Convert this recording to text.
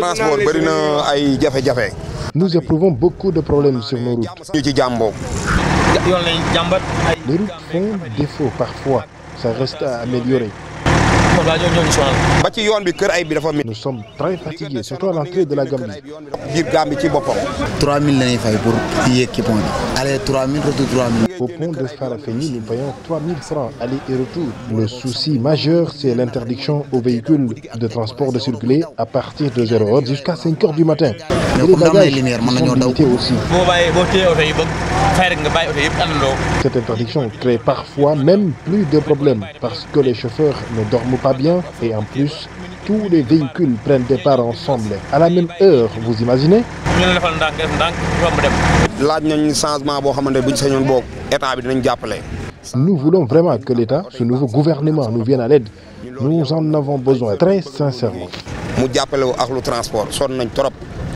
transport bëri na ay jafe-jafe. nous éprouvons beaucoup de problèmes sur nos routes. ñu ci jàmm boobu. les routes font défaut parfois ça reste à ba ci yoon bi kër ay bi dafa mit nous sommes très fatigués surtout à l'entrée de la Gambie. ci boppam. 3000 la ñuy fay pour yéeg ci pont bi. aller 3000 retour 3000. Au pont de Farafenni, nous payons 3000 francs aller et retour. Le souci majeur, c'est l'interdiction aux véhicules de transport de circuler à partir de 0 heure jusqu'à 5 heures du matin. Cette interdiction crée parfois même plus de problèmes parce que les chauffeurs ne dorment pas bien et en plus tous les véhicules prennent départ ensemble à la même heure vous imaginez. ñu ne defal changement boo xamante ne bu ñu sañoon boog état bi dinañ jàppale. Nous voulons vraiment que l'État, ce nouveau gouvernement, nous vienne à l'aide. Nous en avons besoin, très sincèrement. mu jàppale wu ak lu transport nañ trop.